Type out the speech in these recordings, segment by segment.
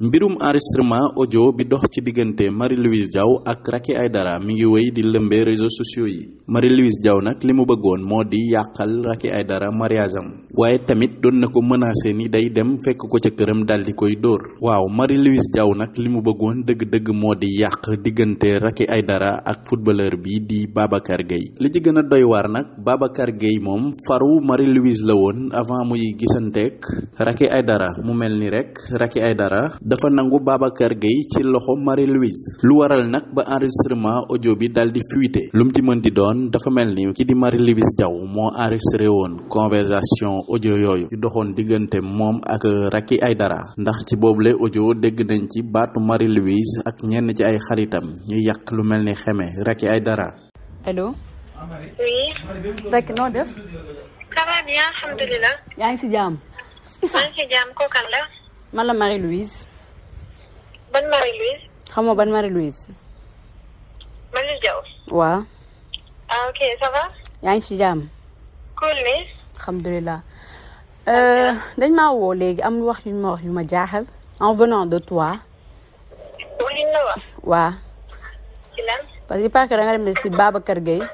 mbirum enregistrement audio bi dox ci diggante Marie-Louise jaw ak ay dara mi ngi wéy di lëmbee réseaux sociaux yi Marie-Louise Diaw nag li mu bëggoon moo di yàqal Racky ay dara am waaye tamit doon na ko menacé ni day dem fekk ko ca këram dal di koy dóor waaw Marie-Louise Diaw nag li mu bëggoon dëgg-dëgg moo di yàq diggante ay dara ak footballeur bi di Babacar Gueye li ci gën a doy waar nag Babacar Gueye moom faru Marie-Louise la woon avant muy gisanteeg Racky Aïdara mu mel ni rek Racky Aïdara dafa nangu Babacar gi ci loxo Marie Louise lu waral nag ba enregistrement ojo bi dal di fuité lum mu ci mën di doon dafa mel ni ki di Marie Louise Diaw moo enregistré woon conversation ojo yooyu yu doxoon diggante moom ak ay dara ndax ci boobule ojo dégg nañ ci baatu Marie Louise ak ñenn ci ay xaritam ñu yàq lu mel ni xeme Racky Aïdara. allo. oui. ban Marie-Louise. xamoo ban mari louise Marie Diaw. waaw. Ah, va. yaa ngi ci jàmm. cool ni. alhamdulilah. Euh, dañ maa woo léegi am wax yu ma wax yu ma jaaxal. en venant de toi. wala ñu la wax. waaw. ci lan. parce que parce que da nga dem ci Babacar Gueye.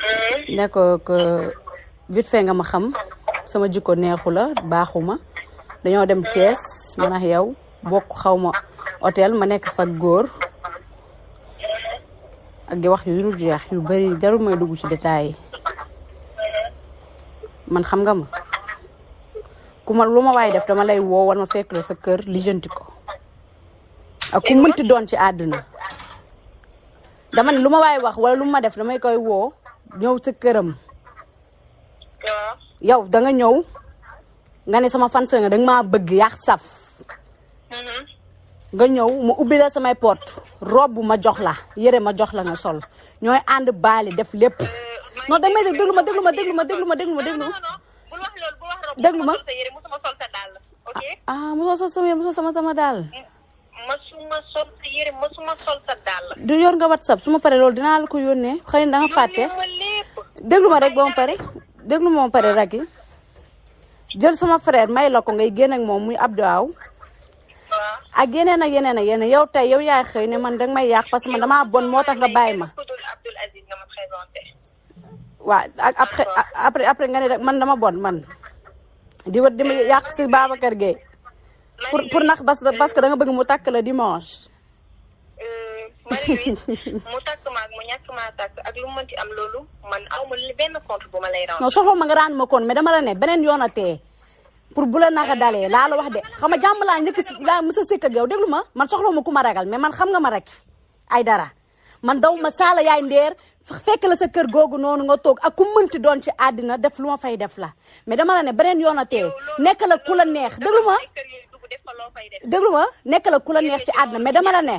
Hmm. ne ko que vite fait nga ma xam sama jikko neexu la baaxuma dañoo dem Thiès man ak yow. bokk xawma ma hôtel ma nekk fa góor ak di wax yu dul jeex yu bari jarul may dugg ci détails yi man xam nga ma ku ma lu ma waay def dama lay woo war ma fekk la sa kër lijjanti ko ak ku mënti doon ci àdduna dama ne lu waay wax wala lu ma def damay koy woo ñëw sa këram yow danga ñëw nga ne sama fan sa nga danga maa bëgg yaax saf nga ñëw ma ubbi la samay porte robe ma jox la yére ma jox la nga sol ñooy ànd baali def lépp euh, non da may déglu ma déglu ma déglu ma déglu ma déglu ma déglu ma déglu ah, ah, sama daal masuma mm, yor nga whatsapp su ma paree loolu dinaa la ko yónnee xëy na da nga fàtte déglu ma pare déglu ma ma pare rek jël sama frère may la ko ngay génn ak moom muy Abdou Aw ak yeneen ak yeneen ak yeneen yow tey yow yaay xëy ne man danga may yàq parce que man damaa bon moo tax nga bàyyi ma. waaw ak après après après nga ne rek man dama bon man di wër di ma yàq si Babacar Gueye pour pour ndax parce que da nga bëgg mu takk la dimanche. Euh, mu takk ma ak mu ñàkk maa takk ak lu mu mënti am loolu man aw ma benn compte bu ma lay rawal. non soxla ma nga raan ma kon mais dama la ne beneen yoon a tee pour bu la naxa dalee laa la wax de xam nga jàmm laa njëkk si laa mës ma man ma ku ma ragal mais man xam nga ma rek ay dara man daw ma saala yaay ndeer fekk la sa kër googu noonu nga toog ak ku mënti doon ci àddina def lu fay def la mais dama la ne beneen yoon a tee nekk la ku neex déglu ma déglu ma nekk la ku neex ci àddina mais dama la ne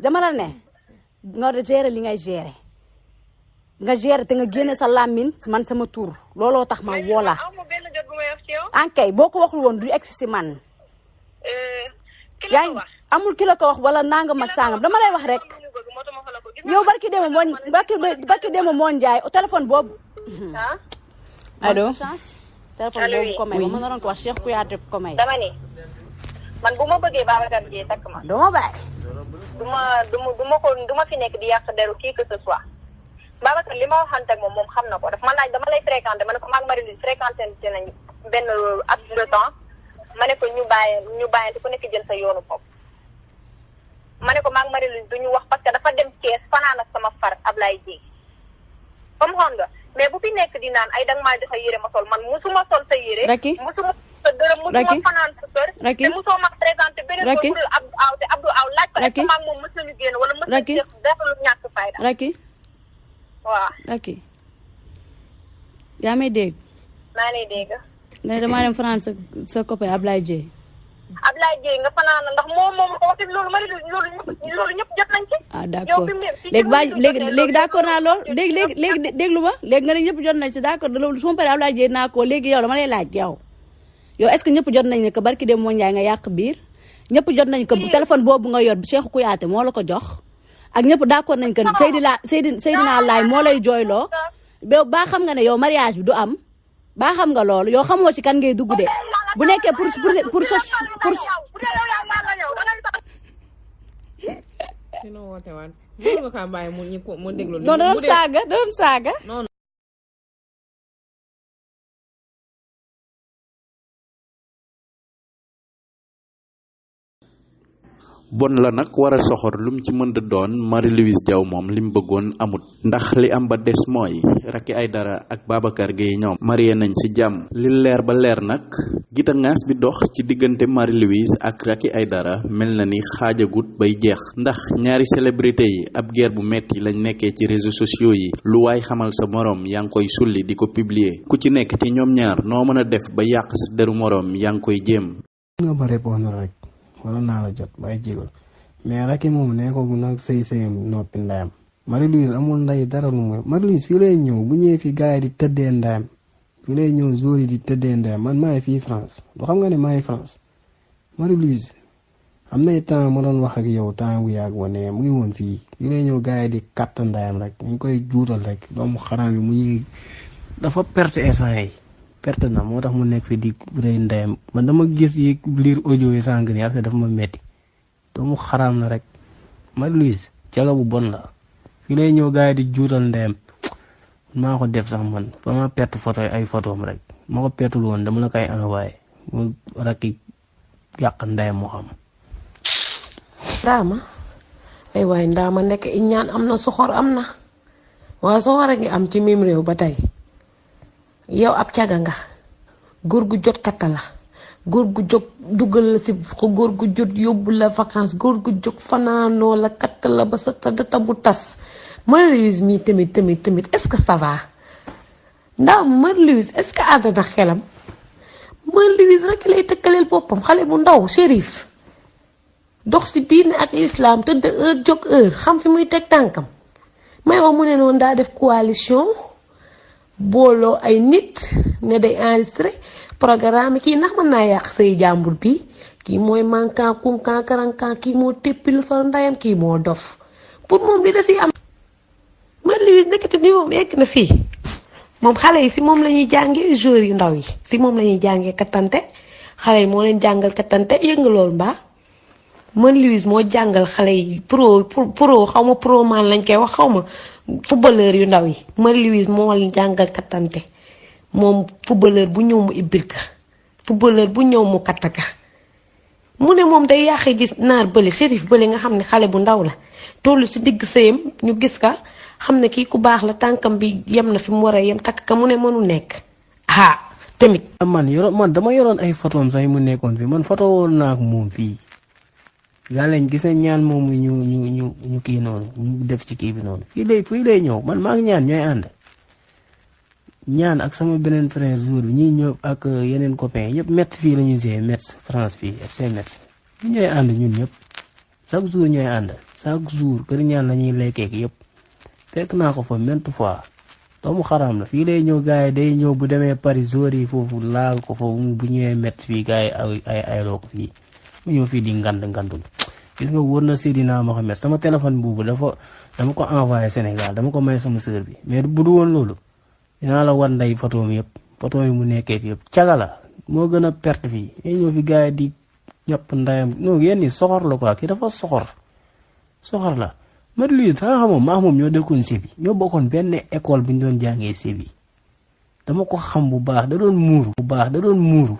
dama la ne nga gérer li ngay gere nga gérer te nga génne sa làmmiñ man sama tur looloo tax ma woolaa yow. ankay ah, boo ko waxul woon du egg si man. Eh, ki amul ki la ko wax wala nangam ak sangam dama lay wax rek. yow barki démb moo barki barki démb moo njaay téléphone boobu. Ah? allo. téléphone boobu ko may ma ma naroon ko wax Cheikh Kouyaté ko may. dama ni man bu ma bëggee Babacar Dieye takk ma. du ma bàyyi. du ma du ma du ma ko du ma fi nekk di yàq deru kii que ce soit. Babacar li ma waxante moom moom xam na ko daf ma laaj dama lay fréquenté ma ne ko maag Marie-Louise fréquenté nañu. benn abs de temps ma ne ko ñu bàyyi ñu bàyyante ku nekk jël sa yoonu bopp. ma ne ko ma Marie Louise du ñu wax parce que dafa dem Thiès fanaan ak sama far Ablaye Dieng comme xam nga mais bu fi nekk di naan ay danga maa joxe yére ma sol man musuma sol sa yére. raki musuma sa dërëm musuma fanaan sa kër. raki te musoo ma présenté beneen bopp bu Abdou Aw te Abdou Aw laaj ko est-ce que maag moom mës nañu génn wala mës nañu def dara lu ñàkk fayda. raki waaw raki yaa may ne damaa dem fanaan sa sa copain Ablaye Dieye. Ablaye Dieye nga fanaan ndax moom moom loolu ma ñëpp jot nañ ci. ah d' accord léegi baa léegi léegi d' accord naa lool léegi léegi déglu ma léegi nga ne ñëpp jot nañ si d' accord loolu su ma paree Ablaye Dieye naa ko léegi yow dama lay laaj yow. yow est que ñëpp jot nañ ne que barki dem moo Ndiaye nga yàq biir ñëpp jot nañ ko téléphone boobu nga yor Cheikh Kouyaté moo la ko jox ak ñëpp d' accord nañ que Seydina Seydina Laay moo lay jooyloo ba xam nga ne yow mariage bi du am ba xam nga loolu yoo xamoo ci kan ngay dugg de bu nekkee pour pour sos pour. non doon saaga doon saaga. bon la nag war a soxor lu mu ci mën a doon Marie-Louise jaw moom li mu bëggoon amut ndax li am ba des mooy ay dara ak Babacar Gueye ñoom marié nañ si jàmm li leer ba leer nag gita ngaas bi dox ci diggante Marie-Louise ak ay dara mel na ni xaajagut bay jeex ndax ñaari célébrité yi ab guerre bu metti lañ nekkee ci réseau sociaux yi lu waay xamal sa moroom yaa ngi koy sulli di ko publier ku ci nekk ci ñoom ñaar noo mën a def ba yàq deru moroom yaa ngi koy jéem wala naa la jot waaye jégal mais rakki moom nee nag sëy sëyam noppi ndayam Marie-Louise amul nday dara lu mu Marie-Louise fii lay ñëw bu ñëwee fii gars yi di tëddee ndayam fii lay ñëw jour yi di tëddee ndayam man maa ngi fii France lu xam nga ne maa ngi France Marie-Louise am nay temps ma doon wax ak yow temps bu yàgg ma ne mu ngi woon fii fii lay ñëw gars yi di katt ndayam rek ñu koy juutal rek doomu xaraam yi mu ñuy dafa perte instant yi perte na moo tax mu nekk fi di rëy ndeyam man dama gis yi liir audio yi sànq nii affaire dafa ma metti doomu xaraam la rek ma Louise caga bu bon la fi lay ñëw gars yi di juutal ndeyam maa ko def sax man fa ma perte photo ay photom rek ma ko pertul woon dama la koy envoyé mu rakki yàq ndeyam moo xam ndaama ay waay ndaama nekk iñaan am na soxor am na waa soxor a ngi am ci mim réew ba tey yow ab caga nga góor gu jot katta góor gu jóg dugal la si góor gu jot yóbbu la vacance góor gu jóg fanaanoo la katta la ba sa data bu tas Marie Louise mii tamit tamit tamit est-ce que ça va ndax Marie Louise est xelam Marie Louise lay tëkkaleel boppam xale bu ndaw shérif dox si diine ak lislaam tëdd heure jóg heure xam fi muy teg tànkam may wax mu ne noonu daa def coalition booloo ay nit ne day enregistré programme kii ndax man naa yàq say jàmbur bi kii mooy mankan kunkan karankan kii moo téppil fa ndayam kii moo dof pour moom li da si am man Louise nekkati ni moom yegg na fii moom xale yi si moom la ñuy jàngee jour yu ndaw yi si moom lañuy jàngee kattante xale yi moo leen jàngal kattante yënga loolu mbaa man Louise moo jàngal xale yi pour pro xaw ma pro man lañ koy wax xaw ma footballeur yu ndaw yi man Louise moo jàngal kattante moom footballeur bu ñëw mu ibbil ka footballeur bu ñëw mu katta ka mu ne moom day gis naar bële Chérif bële nga xam ne xale bu ndaw la tollu ci digg sëyam ñu gis ka xam ne kii ku baax la tànkam bi yem na fi mu war a yem mu ne mënu nekk ah tamit. man yoroon man dama yoroon ay photos am sax mu nekkoon fii man photo naa ak moom fii. lan lañ gis ñaan moom ñu ñu ñu ñu kii noonu ñu def ci kii bi noonu fii lay fii lay ñëw man maa ñaan ñooy ànd ñaan ak sama beneen frère jour bi ñuy ñëw ak euh, yeneen copains yëpp Metz fii la ñuy jouer Metz France fii FC Metz ñu ñëpp chaque jour ñooy ànd chaque jour kër ñaan ñuy lekkeek yëpp fekk naa ko fa maintes fois doomu xaraam la fii lay ñëw gars yi day ñëw bu demee Paris jour yi foofu laal ko foofu bu ñëwee Metz fii gars yi ay ay ayloo fii mu ñëw fii di ngand ngandul gis nga wóor na naa Seydina Mohamed sama téléphone boobu dafa dama ko envoyé Sénégal dama ko may sama sœur bi mais bu du woon loolu dinaa la wan nday photo yëpp photo mi mu nekkee yëpp caga la moo gën a pert fii yéen ñoo fi gars yi di ñàpp ndayam non yéen ñi soxor la quoi kii dafa soxor soxor la Marie Louise danga xamoon maa moom ñoo dëkkoon sébi ñoo bokkoon benn école bi ñu doon jàngee sébi dama ko xam bu baax da doon muuru bu baax da doon muuru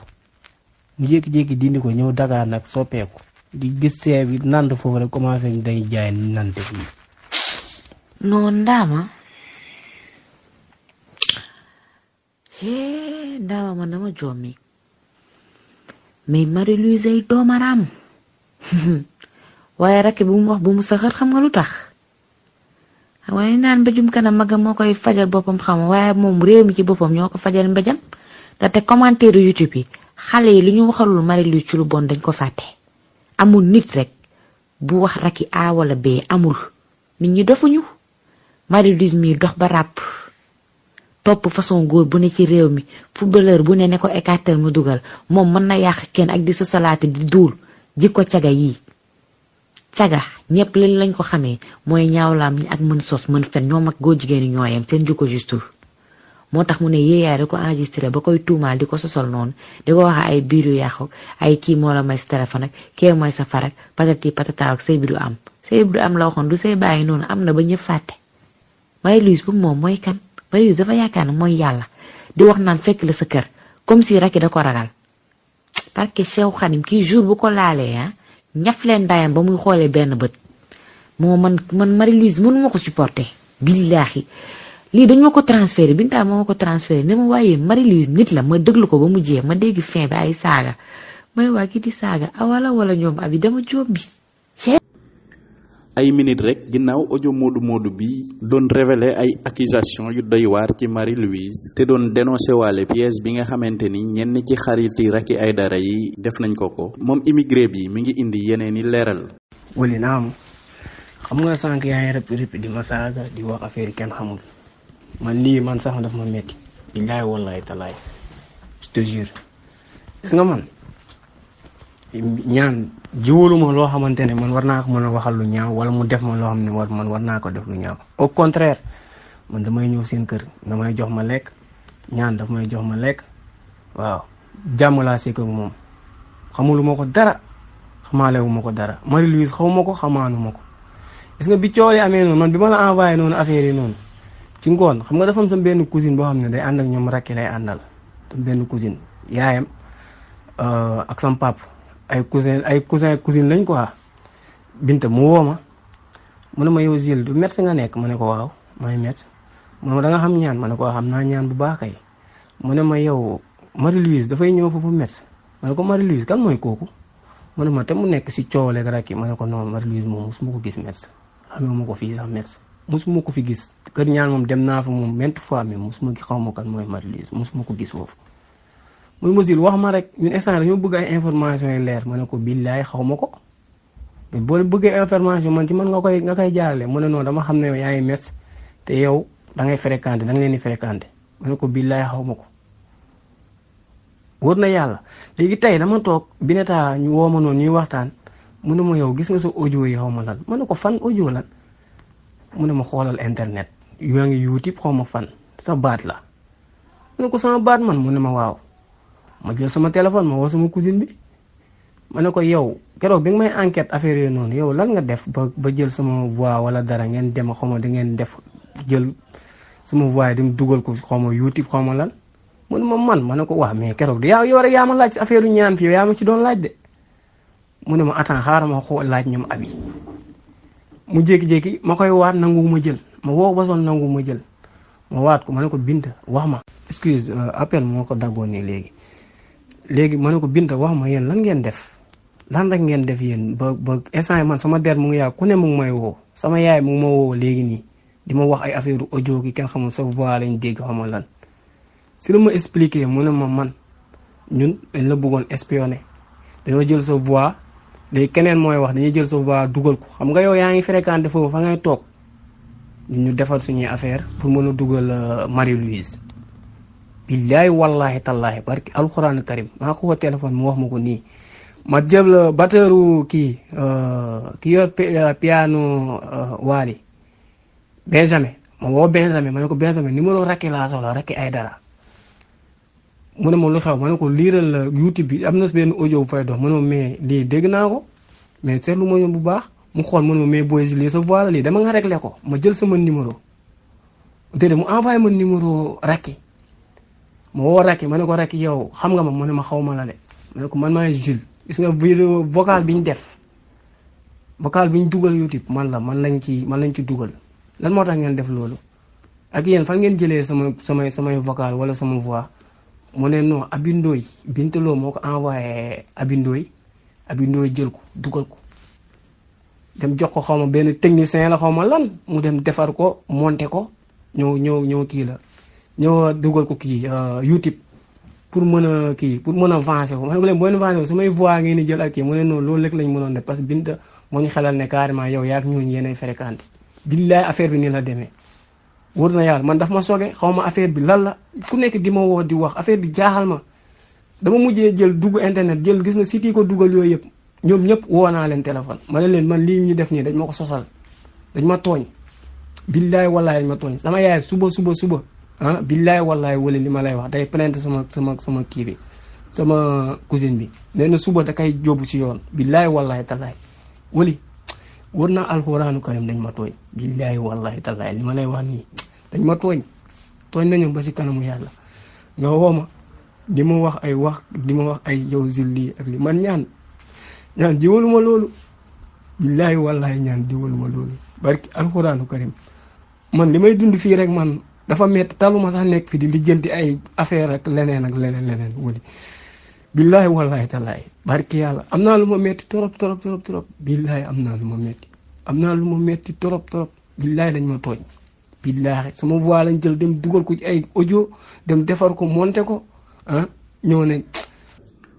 nga jékki-jékki dindi ko ñëw Dakar nag soppeeku di gis ceeb bi nant foofu rek commencé dañuy jaay nante fii non ndaama cee ndaama man dama jommi mais ma louise ay doomaraam waaye rakk bu mu wax bu mu saxar xam nga lu tax waaye naan mbéjum kanam magam moo koy fajal boppam xam waaye moom réew mi ci boppam ñoo ko fajal mbéjam te te commentaire YouTube yi xale yi lu ñu waxalul Marie Louise ci lu bon dañ ko fàtte amul nit rek bu wax raki A wala B amul nit ñi defuñu Marie Louise mii dox ba ràbb topp façon góor bu ne ci réew mi footballeur bu ne ne ko écartel mu dugal moom mën na yàq kenn ak di sosalaate di duul jikko caga yii caga ñépp leen lañ ko xamee mooy ñaawlaam ñi ak mën sos mën fen ñoom ak góor jigéeni ñooyam seen jikko justul moo tax mu ne yéeyaay da ko enregistré ba koy tuumaal di ko sosol noonu di ko wax ay biir yu yàqu ay kii moo la sa téléphone ak kee mooy sa farak patati patata ak sëy bi am sëy bi am la waxoon du sëy bàyyi noonu am na ba ñëpp fàtte Marie-Louise bu moom mooy kan Marie-Louise dafa yaakaar ne mooy yàlla di wax naan la da ko ragal parce que Cheikh ba muy xoolee benn bët moo man man Marie-Louise lii dañ ma ko transféré Binta moo ma ko transféré ne ma waaye Marie-Louise nit la ma déglu ko ba mu jeex ma dégg fin bi ay saaga ma ne waa kii di saaga awala ah, wala ñoom abi dama jóob ay minit rek ginnaaw ojo Modou Modou bi doon révéler ay accusation yu doy waar ci Marie-Louise te doon dénoncé waale pièce bi nga xamante ni ñenn ci xariti ay Aïdara yi def nañ ko ko moom immigré bi mi ngi indi yeneen leeral. wali xam nga sànq yaa ngi rëpp di ma saaga di wax affaire kenn xamul. man lii man sax daf ma metti billaay wallaay talaay je te jure gis nga man ñaan jiwuluma loo xamante ne man war naa ko mën a waxal lu ñaaw wala mu def ma loo xam ne war man war naa ko def lu ñaaw au contraire man damay ñëw seen kër nga damay jox ma lekk ñaan daf may jox ma lekk waaw jàmm laa seq moom xamuluma ko dara xamaalewuma ko dara Marie-Louise xawma ko xamaanuma ko gis nga bi coolee amee noonu man bi ma la envoyé noonu affaire noonu ci ngoon xam nga dafa am benn cousine boo xam ne day ànd ak ñoom rakki lay àndal sama benn cousine yaayam euh, ak sama pap ay cousin ay cousin cousine lañ quoi Binta mu woo ma mu ne ma yow du médecin nga nekk ma ne ko waaw may médecin mu da nga xam ñaan ma ne ko xam naa ñaan bu baax kay mu ne ma yow Marie-Louise dafay ñëw foofu médecin ma ne ko Marie-Louise kan mooy kooku ma ne ma te mu nekk si coow rek rakki ma ne ko noonu Marie-Louise moom su ma ko gis médecin xamee ma ko fii sax médecin mosuma ko fi gis kër ñaan moom dem naa fa moom maintes fois mais mosuma xaw ma kan mooy Marie-Louise mosuma ko gis foofu. ma mosil wax ma rek ñun instant dañoo bëgg ay information yi leer ma ne ko billaay xaw ma ko mais bëggee information man ci man nga koy nga koy jaarale mu ne noonu dama xam ne yaa ngi mes te yow da ngay fréquenté da leen di fréquenté ma ne ko billaay xaw ma ko. wóor na yàlla léegi tey dama toog bi ne taa ñu woo ma noonu ñuy waxtaan mu na ma yow gis nga sa audio yi xaw ma lan ma ne ko fan audio lan. mu ne ma xoolal internet yaa ngi youtube xaw fan sa baat la mu ne ko sama baat man mu ne ma waaw ma jël sama téléphone ma woo sama cousine bi ma ne ko yow keroog bi nga may enquête affaire yooyu noonu yow lan nga def ba ba jël sama voix wala dara ngeen dem xaw ma da ngeen def jël sama voix di dugal ko xaw ma youtube xaw ma lan mu ne ma man ma ne ko waaw mais keroog de yaa yow yaa ma laaj si affaire yu ñaan fii yaa ma ci doon laaj de mu ne ma attends xaaral ma xoo laaj ñoom abi mu jékki-jékki ma koy waat nangu ma jël ma woo ba sonn nangu ma jël ma waat ko ma ne ko Binta wax ma. excuse euh, appel moo ko daggoon nii léegi léegi ma ne ko Binta wax ma yéen lan ngeen def lan rek ngeen def yéen ba ba instant man sama der mu ku ne mu ngi sama yaay mu ngi ma woo léegi nii di ma wax ay affaire audio gi kenn xamul sa voix lañ dégg xamul lan si la ma expliqué mu ne ma man ñun dañ la buggoon espionné dañoo jël sa voix. léegi keneen mooy wax dañuy jël sa voix dugal ko xam nga yow yaa ngi fréquenté foofu fa ngay toog ñu defar suñuy affaire pour mën a dugal euh, Marie Louise billaay wallahi parce que alxuraan karim maa ko téléphone mu wax ma ko nii ma jël euh, batteuru kii euh, ki yor piano waali Benjamin ma woo Benjamin ma ne ko Benjamin numéro rakki laa soxla rakki ay dara mu ne ma lu xew ma ne ko liiral la youtube bi am na benn ojo bu fay dox mu ne ma mais lii dégg naa ko mais seetlu ma yoon bu baax mu xool ma ne ma mais booy si sa voix la lii dama nga réglé ko ma jël sama numéro déedéet mu envoyé ma numéro Racky ma woo ma ne ko Racky yow xam nga ma ne ma xaw ma la de ma man maay Jules gis nga vidéo vocal bi ñu def vocal bi ñu dugal youtube man la man lañ ci man lañ ci dugal lan moo tax ngeen def loolu ak yéen fan ngeen jëlee sama samay samay vocal wala sama voix mu ne non abindooy bintaloo moo ko envoyé abindooy abindooy jël ko dugal ko dem jox ko xaw ma benn technicien la xaw ma lan mu dem defar ko monter ko ñëw ñëw kii la ñëw euh, dugal ko kii euh, YouTube pour mën a kii pour mën a avancé ko ma ne ko leen boo leen avancé ko su may voix ngeen di jël ak kii mu ne noonu loolu rek lañ mënoon def parce que binta moo xelal ne carrément yow yaa ak ñooñu yéenay fréquenté billaay affaire bi nii la deme wër na yàlla man daf ma soge xaw ma affaire bi lan la ku nekk di ma woo di wax affaire bi jaaxal ma dama mujjee jël dugg internet jël gis na site yi ko dugal yooyu yëpp ñoom ñëpp woo naa leen téléphone ma ne leen man lii ñu def nii dañ ma ko sosal dañ ma tooñ billaay wallaay dañ ma tooñ sama yaay suba suba suba ah billaay wallaay wala li ma lay wax day plainte sama sama sama kii bi sama cousine bi nee na suba da kay jóobu ci yoon billaay wallaay tallaay wali wër naa alxuraanu karim dañ ma tooñ billaay wallaay tallaay li ma lay wax nii dañ ma tooñ tooñ nañu ba si kanamu yàlla nga woo ma wax ay wax di wax ay yow si lii ak lii man ñaan ñaan diwalu ma loolu billaahi wallaahi ñaan diwalu ma loolu barki alxuraanu karim man li may dund fii rek man dafa métti taluma sax nekk fi di di ay affaire ak leneen ak leneen leneen wuli billaahi wallaahi talaay barki yàlla am naa lu ma métti torop torop torop torop billaahi am naa lu ma am naa lu ma métti torop torop dañ ma tooñ billaahi sama voix lañ jël dem dugal ko ci ay ojo dem defar ko monte ko ah ñoo ne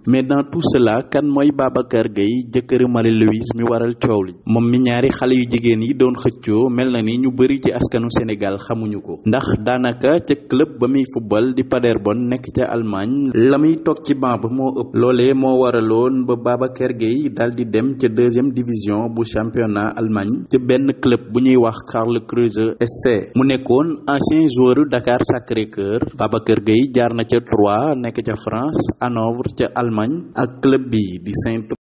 mais dans tout cela kan mooy Babacar Gueye jëkkëri Marie Louise mi waral coow li moom mi ñaari xale yu jigéen yi doon xëccoo mel na ni ñu bëri ci askanu Sénégal xamuñu ko ndax daanaka ca club ba muy football di Paderborn nekk ca Allemagne la muy toog ci banc moo ëpp loole moo waraloon ba Babacar Gueye dal di dem ca deuxième division bu championnat Allemagne ca benn club bu ñuy wax Karlsruhe SC mu nekkoon ancien joueur Dakar Sacré-Cœur Babacar Gueye jaar na ca Troyes nekk ca Allemagne ak club bi di Saint